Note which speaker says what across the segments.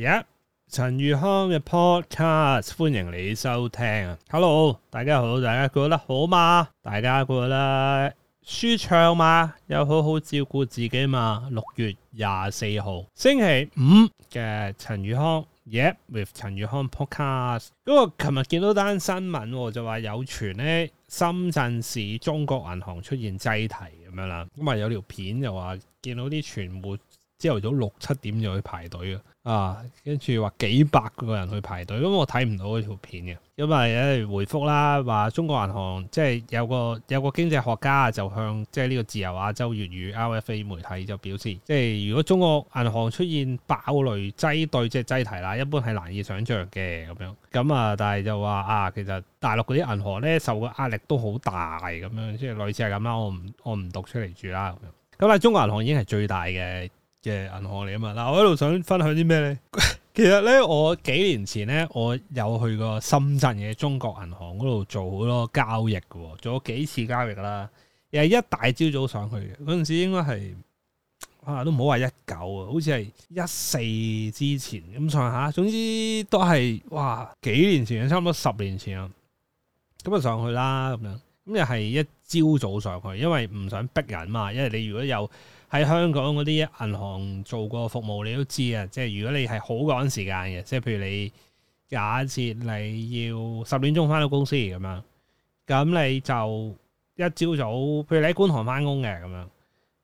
Speaker 1: 耶！陳宇康嘅 podcast，歡迎你收聽啊！Hello，大家好，大家過得好嗎？大家過得舒暢嘛？有好好照顧自己嘛？六月廿四號星期五嘅陳宇康，yep with 陳宇康 podcast。咁我琴日見到單新聞就話有傳咧，深圳市中國銀行出現擠提咁樣啦。咁啊有條片就話見到啲傳媒。朝頭早六七點就去排隊啊！跟住話幾百個人去排隊，咁我睇唔到嗰條片嘅，因為有回覆啦，話中國銀行即係有個有個經濟學家就向即係呢個自由亞洲粵語 RFA 媒體就表示，即係如果中國銀行出現爆雷擠兌即係擠提啦，一般係難以想像嘅咁樣。咁啊，但係就話啊，其實大陸嗰啲銀行咧受嘅壓力都好大咁樣，即係類似係咁啦。我唔我唔讀出嚟住啦。咁啊，但中國銀行已經係最大嘅。嘅銀行嚟啊嘛，嗱，我一路想分享啲咩咧？其實咧，我幾年前咧，我有去過深圳嘅中國銀行嗰度做好多交易㗎，做咗幾次交易㗎啦。又係一大朝早上去嘅，嗰陣時應該係啊，都唔好話一九啊，好似係一四之前咁上下。總之都係哇，幾年前，差唔多十年前啊，咁就上去啦咁樣。咁又係一朝早上去，因為唔想逼人嘛。因為你如果有喺香港嗰啲銀行做過服務，你都知啊！即係如果你係好趕時間嘅，即係譬如你假設你要十點鐘翻到公司咁樣，咁你就一朝早，早，譬如你喺觀塘翻工嘅咁樣，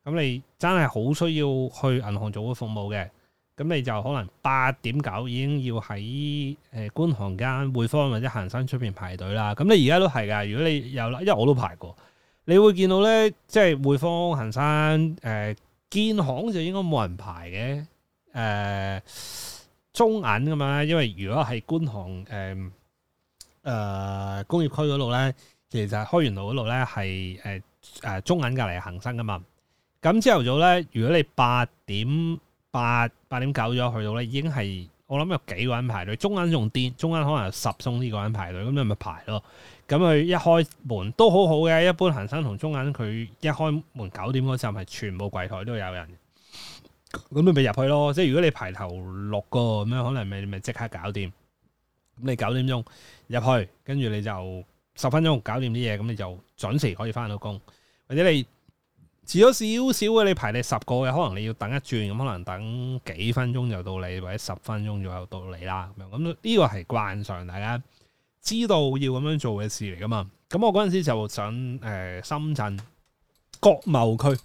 Speaker 1: 咁你真係好需要去銀行做個服務嘅，咁你就可能八點九已經要喺誒觀塘間匯豐或者恆生出面排隊啦。咁你而家都係㗎，如果你有啦，因為我都排過。你會見到咧，即係匯豐、恒、呃、生、誒建行就應該冇人排嘅，誒、呃、中銀㗎嘛，因為如果係觀塘誒誒工業區嗰度咧，其實係開元路嗰度咧係誒誒中銀隔籬恆生噶嘛。咁朝頭早咧，如果你八點八八點九咗去到咧，已經係我諗有幾個人排隊，中銀仲癲，中銀可能有十鬆呢個人排隊，咁你咪排咯。咁佢一開門都好好嘅，一般恒生同中銀佢一開門九點嗰陣，係全部櫃台都有人，咁都咪入去咯。即係如果你排頭六個咁樣，可能咪咪即刻搞掂。咁你九點鐘入去，跟住你就十分鐘搞掂啲嘢，咁你就準時可以返到工，或者你遲咗少少嘅，你排你十個嘅，可能你要等一轉，咁可能等幾分鐘就到你，或者十分鐘左右到你啦。咁樣，咁呢個係慣常，大家。知道要咁樣做嘅事嚟噶嘛？咁我嗰陣時就想誒、呃，深圳國貿區，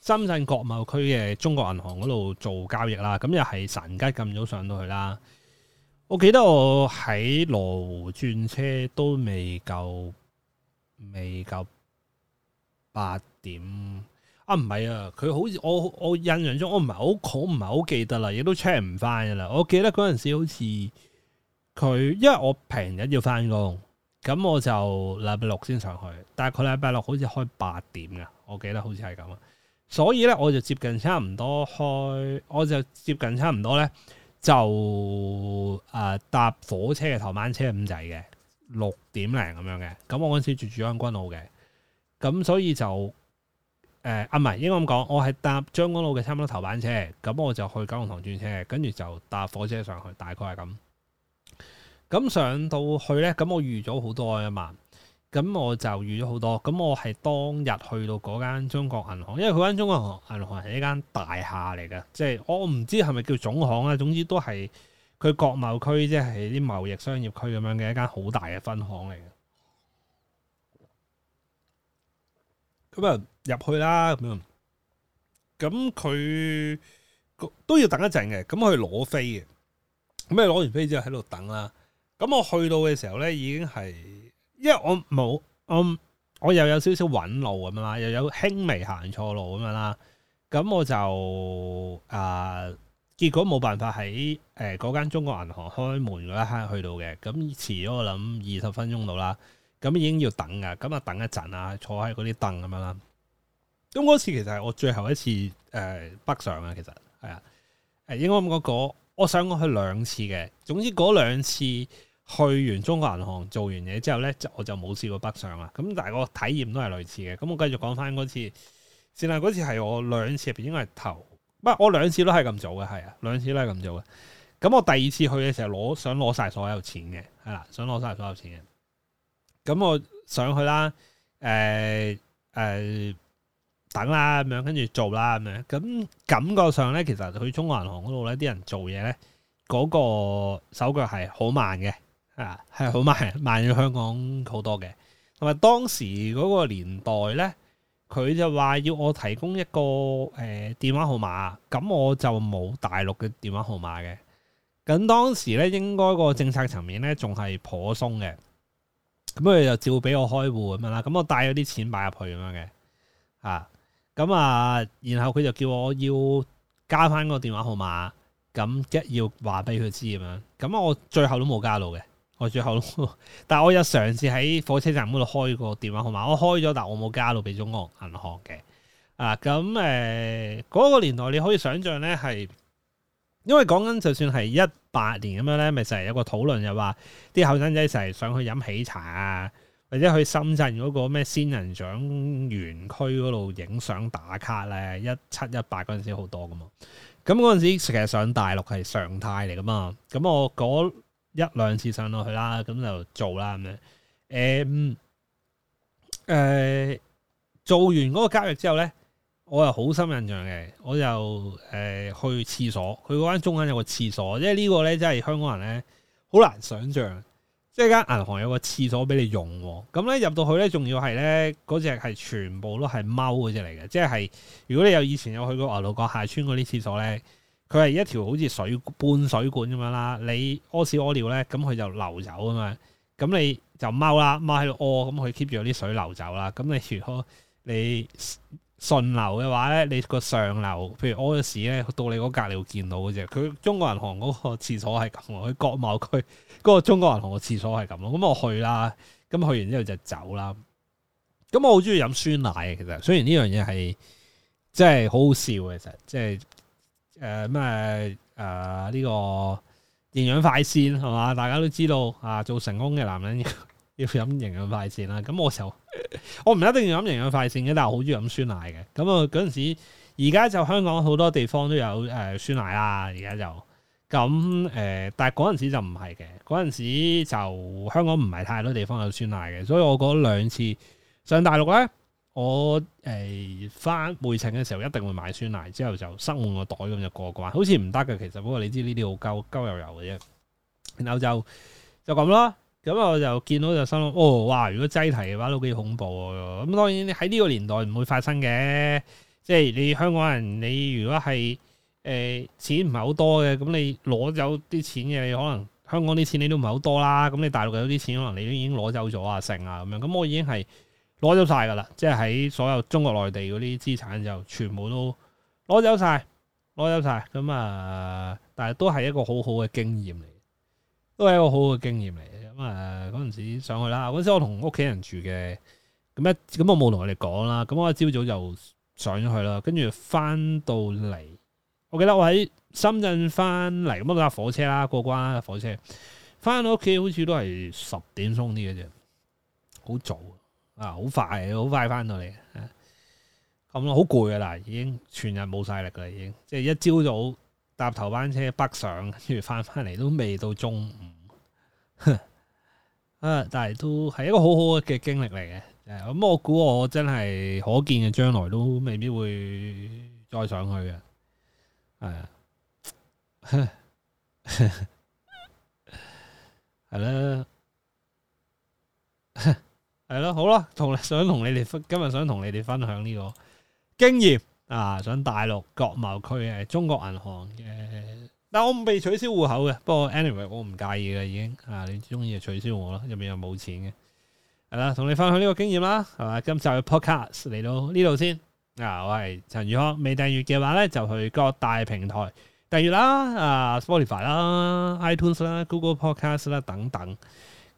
Speaker 1: 深圳國貿區嘅中國銀行嗰度做交易啦。咁又係神級咁早上到去啦。我記得我喺羅湖轉車都未夠，未夠八點啊？唔係啊，佢好似我我印象中我唔係好好唔係好記得啦，亦都 check 唔翻噶啦。我記得嗰陣時好似。佢，因為我平日要翻工，咁我就禮拜六先上去。但係佢禮拜六好似開八點嘅，我記得好似係咁。所以咧，我就接近差唔多開，我就接近差唔多咧，就誒、呃、搭火車嘅頭班車五仔嘅六點零咁樣嘅。咁我嗰陣時住住安軍澳嘅，咁所以就誒、呃、啊唔係應該咁講，我係搭將軍澳嘅差唔多頭班車，咁我就去九龍塘轉車，跟住就搭火車上去，大概係咁。咁上到去咧，咁我預咗好多呀嘛，咁我就預咗好多。咁我係當日去到嗰間中國銀行，因為佢間中國銀行銀行係一間大廈嚟嘅，即係我唔知係咪叫總行啊，總之都係佢國貿區，即係啲貿易商業區咁樣嘅一間好大嘅分行嚟嘅。咁啊，入去啦咁樣，咁佢都要等一陣嘅，咁去攞飛嘅，咁你攞完飛之後喺度等啦。咁我去到嘅時候咧，已經係因為我冇我、嗯、我又有少少揾路咁啦，又有輕微行錯路咁樣啦。咁我就啊、呃，結果冇辦法喺誒嗰間中國銀行開門嗰一刻去到嘅。咁遲咗我諗二十分鐘到啦。咁已經要等噶，咁啊等一陣啦，坐喺嗰啲凳咁樣啦。咁嗰次其實係我最後一次誒、呃、北上啊，其實係啊。誒，應該咁講，我想過去兩次嘅。總之嗰兩次。去完中國銀行做完嘢之後咧，就我就冇試過北上啦。咁但係個體驗都係類似嘅。咁我繼續講翻嗰次，先啦。嗰次係我兩次入邊，應該係頭，不我兩次都係咁做嘅，係啊，兩次都係咁做嘅。咁我第二次去嘅時候攞想攞晒所有錢嘅，係啦，想攞晒所有錢嘅。咁我上去啦，誒、呃、誒、呃、等啦咁樣，跟住做啦咁樣。咁感覺上咧，其實去中國銀行嗰度咧，啲人做嘢咧，嗰、嗰個手腳係好慢嘅。啊，係好慢，慢咗香港好多嘅。同埋當時嗰個年代咧，佢就話要我提供一個誒、呃、電話號碼，咁我就冇大陸嘅電話號碼嘅。咁當時咧，應該個政策層面咧仲係頗鬆嘅。咁佢就照俾我開戶咁樣啦。咁我帶咗啲錢擺入去咁樣嘅。吓，咁啊，然後佢就叫我要加返個電話號碼，咁一要話俾佢知咁樣。咁我最後都冇加到嘅。我最後，但係我有嘗試喺火車站嗰度開個電話號碼，我開咗，但係我冇加到俾中國銀行嘅。啊，咁誒嗰個年代，你可以想象咧，係因為講緊就算係一八年咁樣咧，咪就係有個討論，又話啲後生仔成日上去飲喜茶啊，或者去深圳嗰個咩仙人掌園區嗰度影相打卡咧，一七一八嗰陣時好多噶嘛。咁嗰陣時其實上大陸係常態嚟噶嘛。咁我嗰一兩次上落去啦，咁就做啦咁樣。誒、嗯、誒、呃，做完嗰個交易之後咧，我又好深印象嘅。我就誒、呃、去廁所，佢嗰間中間有個廁所，即係呢個咧，真係香港人咧好難想象，即係間銀行有個廁所俾你用。咁咧入到去咧，仲要係咧嗰隻係全部都係踎嗰隻嚟嘅，即係如果你有以前有去過牛頭角下村嗰啲廁所咧。佢係一條好似水半水管咁樣啦，你屙屎屙尿咧，咁佢就流走啊嘛。咁你就踎啦，踎喺度屙，咁佢 keep 住有啲水流走啦。咁你如果你順流嘅話咧，你個上流，譬如屙咗屎咧，到你嗰隔離會見到嘅啫。佢中國銀行嗰個廁所係咁，佢喺國貿區嗰個中國銀行個廁所係咁咯。咁我去啦，咁去完之後就走啦。咁我好中意飲酸奶啊，其實雖然呢樣嘢係即係好好笑嘅，其實即係。誒咁誒呢個營養快線係嘛？大家都知道啊，做成功嘅男人要飲營養快線啦。咁我就 我唔一定要飲營養快線嘅，但係好中意飲酸奶嘅。咁啊嗰陣時，而家就香港好多地方都有誒酸奶啦。而家就咁誒、呃，但係嗰陣時就唔係嘅。嗰陣時就香港唔係太多地方有酸奶嘅，所以我嗰兩次上大陸咧。我誒翻、呃、回程嘅時候一定會買酸奶，之後就塞滿個袋咁就過關，好似唔得嘅其實。不過你知呢啲好膠膠油油嘅啫。然後就就咁咯。咁我就見到就心諗，哦哇！如果擠提嘅話都幾恐怖啊。咁當然你喺呢個年代唔會發生嘅。即係你香港人，你如果係誒、呃、錢唔係好多嘅，咁你攞走啲錢嘅，可能香港啲錢你都唔係好多啦。咁你大陸有啲錢，可能你都已經攞走咗啊剩啊咁樣。咁我已經係。攞走晒噶啦，即係喺所有中國內地嗰啲資產就全部都攞走晒。攞走晒，咁啊，但係都係一個好好嘅經驗嚟，都係一個好好嘅經驗嚟。咁啊，嗰陣時上去啦，嗰陣時我同屋企人住嘅，咁一咁我冇同佢哋講啦。咁我一朝早就上咗去啦，跟住翻到嚟，我記得我喺深圳翻嚟，咁都搭火車啦，過關啦火車，翻到屋企好似都係十點鐘啲嘅啫，好早。啊，好快，好快翻到嚟，咁、啊、咯，好攰噶啦，已經全日冇晒力噶啦，已經，即係一朝早搭頭班車北上，跟住翻翻嚟都未到中午，啊、但係都係一個好好嘅經歷嚟嘅，咁、啊嗯、我估我真係可見嘅將來都未必會再上去嘅，係啊，係、啊、啦。啊啊啊啊啊啊啊係咯，好啦，同想同你哋分今日想同你哋分享呢個經驗啊，想大陸國貿區嘅中國銀行嘅，但我唔被取消戶口嘅，不過 anyway 我唔介意嘅已經啊，你中意就取消我啦，入面又冇錢嘅，係啦，同你分享呢個經驗啦，係嘛，啊，今集嘅 podcast 嚟到呢度先，啊，我係陳宇康，未訂閱嘅話咧就去各大平台訂閱啦，啊，Spotify 啦、iTunes 啦、Google Podcast 啦等等。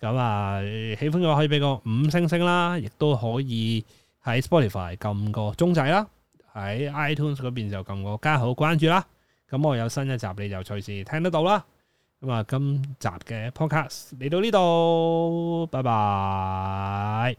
Speaker 1: 咁啊、嗯，喜歡嘅話可以俾個五星星啦，亦都可以喺 Spotify 撳個鐘仔啦，喺 iTunes 嗰邊就撳個加號關注啦，咁、嗯、我有新一集你就隨時聽得到啦。咁、嗯、啊，今集嘅 Podcast 嚟到呢度，拜拜。